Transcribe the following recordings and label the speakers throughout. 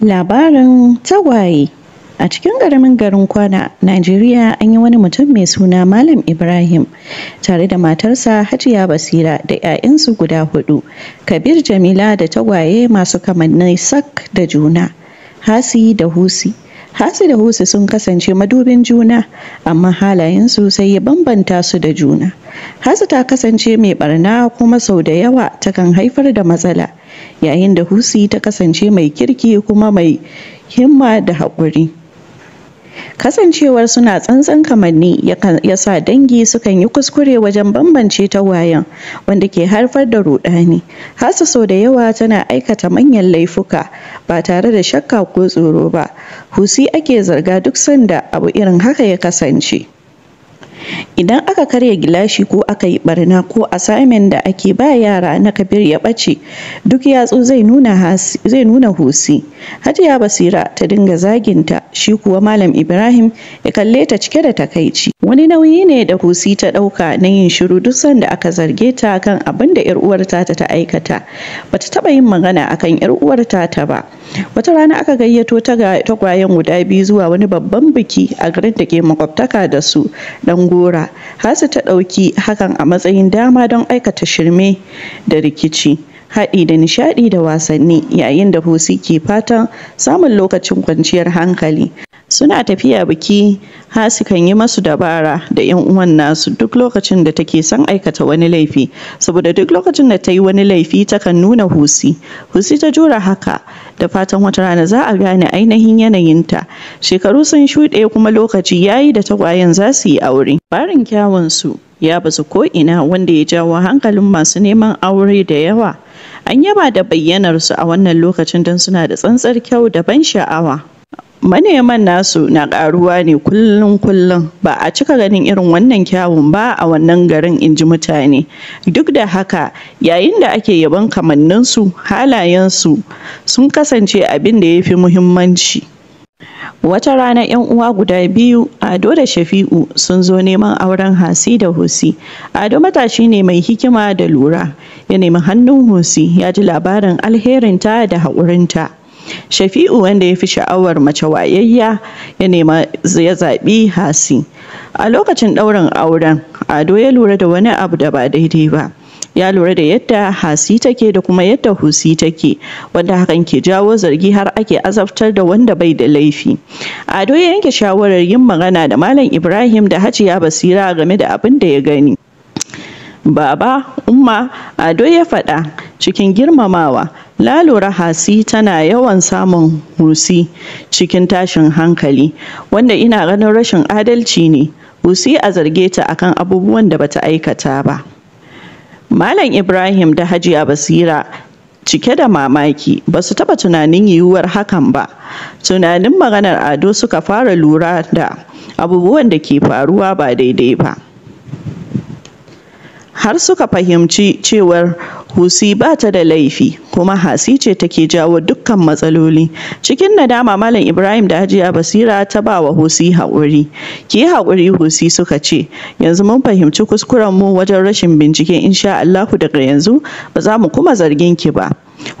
Speaker 1: Labarin tagwaye a cikin ƙaramin garin Kwana, Najeriya an yi wani mutum mai suna Malam Ibrahim tare da matarsa Hajiya Basira da 'ya'yansu guda hudu, Kabir Jamila da tagwaye masu kamanni sak da juna, Hasi da Husi. Hasi da Husi sun kasance madubin juna, amma halayensu sai ya bambanta su da juna. Hasi ta kasance mai barna kuma sau da yawa takan haifar da matsala. yayin da Husi ta kasance mai kirki kuma mai himma da haƙuri. Kasancewar suna tsantsan kamanni ya sa dangi sukan yi kuskure wajen bambance tawayen wanda ke haifar da rudani. Hasa sau da yawa tana aikata manyan laifuka ba tare da shakka ko tsoro ba. Husi ake zarga duk sanda abu irin haka ya kasance. Idan aka karya gilashi ko aka yi ɓarna ko assignment da ake ba yara na Kabir ya bace duk yatsu zai nuna Hosi. Hajiya Basira ta dinga zaginta, shi kuwa Malam Ibrahim ya kalle ta cike da takaici. Wani nauyi ne da Hosi ta ɗauka na yin shiru duk sanda aka zarge ta kan abin da 'yar uwar ta ta aikata. Bata taɓa yin magana akan 'yar uwar ta ba. Wata rana aka gayyato tagwayen guda biyu zuwa wani babban biki a garin da ke makwabtaka da su dan gora hasu ta ɗauki hakan a matsayin dama don aikata shirme da rikici. haɗi da nishaɗi da wasanni yayin da Hosi ke fatan samun lokacin kwanciyar hankali. Suna tafiya biki, Hasi kan yi masu dabara da 'yan uwan nasu duk lokacin da take son aikata wani laifi, saboda duk lokacin da ta yi wani laifi takan nuna husi. Husi ta jura haka, da fatan wata rana za a gane ainihin yanayinta. Shekaru sun shuɗe kuma lokaci ya yi da tagwayen za su yi aure. Barin kyawun su ya bazu ko'ina wanda ya jawo hankalin masu neman aure da yawa. An yaba da bayyanarsu a wannan lokacin don suna da tsantsar kyau da ban sha'awa. maneman nasu na ƙaruwa ne kullum kullum ba a cika ganin irin wannan kyawun ba a wannan garin in ji mutane duk da haka yayin da ake yaban kamanninsu halayensu sun kasance abin da ya fi muhimmanci wata rana yan uwa guda biyu ado da shafi'u sun zo neman auren hasi da hosi ado matashi ne mai hikima da lura ya nemi hannun hosi ya ji labarin alherinta da haƙurinta Shafi'u wanda ya fi sha'awar mace wayayya ya nema ya zaɓi Hasi. A lokacin ɗaurin auren, Ado ya lura da wani abu da ba daidai ba. ya lura da yadda hasi take da kuma yadda husi take wanda hakan ke jawo zargi har ake azabtar da wanda bai da laifi ado ya yanke shawarar yin magana da malam ibrahim da hajiya basira game da abin da ya gani Baba, Umma, Ado ya faɗa cikin girmamawa. Lalo Rahasi tana yawan samun husi cikin tashin hankali, wanda ina ganin rashin adalci ne, husi a zarge ta akan abubuwan da bata aikata ba. Malam Ibrahim da Hajiya Basira cike da mamaki ba su taɓa tunanin yiwuwar hakan ba. Tunanin maganar Ado suka fara lura da abubuwan da ke faruwa ba daidai ba. har suka fahimci cewar husi ba ta da laifi kuma hasi ce take jawo dukkan matsaloli cikin nadama malam ibrahim da hajiya basira ta ba wa husi haƙuri ki haƙuri husi suka ce yanzu mun fahimci kuskuren mu wajen rashin bincike insha allahu daga yanzu ba za mu kuma zargin ki ba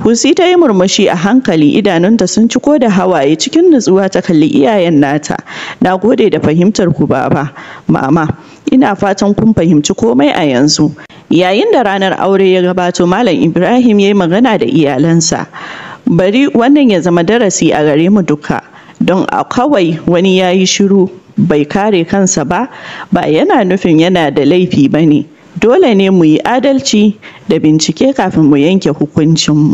Speaker 1: Husi ta yi murmushi a hankali idanunta sun ci ko da hawaye cikin nutsuwa ta kalli iyayen nata. Na gode da fahimtar ku baba, mama. Ina fatan kun fahimci komai a yanzu. Yayin da ranar aure ya gabato Malam Ibrahim ya yi magana da iyalansa. Bari wannan ya zama darasi a gare mu duka. Don a kawai wani ya yi shiru bai kare kansa ba, ba yana nufin yana da laifi ba ne. Dole ne mu yi adalci da bincike kafin mu yanke hukuncinmu.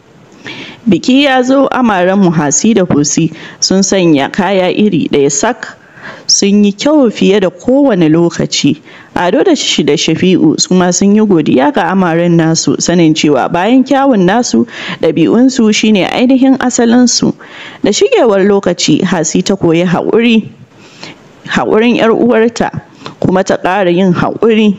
Speaker 1: Biki ya zo amaren mu Hasi da Kusi sun sanya kaya iri ɗaya sak sun yi kyau fiye da kowane lokaci. Ado da da shi Shafi'u suma sun yi godiya ga amaren nasu sanin cewa bayan kyawun nasu ɗabi'unsu shine ainihin asalinsu. Da shigewar lokaci Hasi ta koyi haƙuri haƙurin 'yar uwarta kuma ta ƙara yin haƙuri.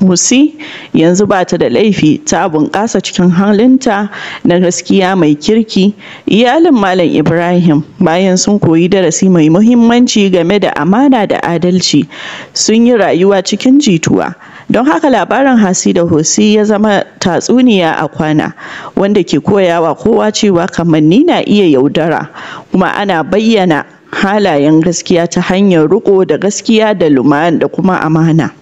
Speaker 1: musi yanzu ba ta da laifi ta bunƙasa cikin halinta na gaskiya mai kirki iyalin Malam Ibrahim bayan sun koyi darasi mai muhimmanci game da amana da adalci sun yi rayuwa cikin jituwa don haka labarin Hasi da Hosi ya zama tatsuniya a kwana wanda ke koyawa kowa cewa kamanni na iya yaudara kuma ana bayyana halayen gaskiya ta hanyar riƙo da gaskiya da da kuma amana.